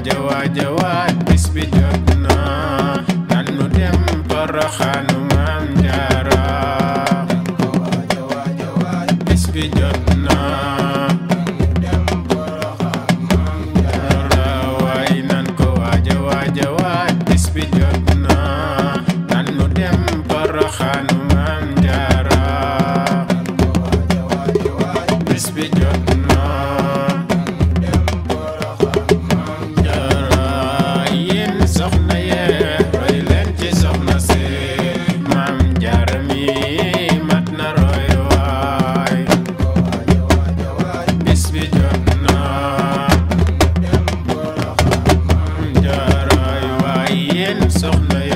waja waja leen soxna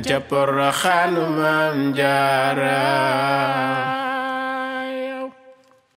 dem ca Poroxaanu Maam Jaara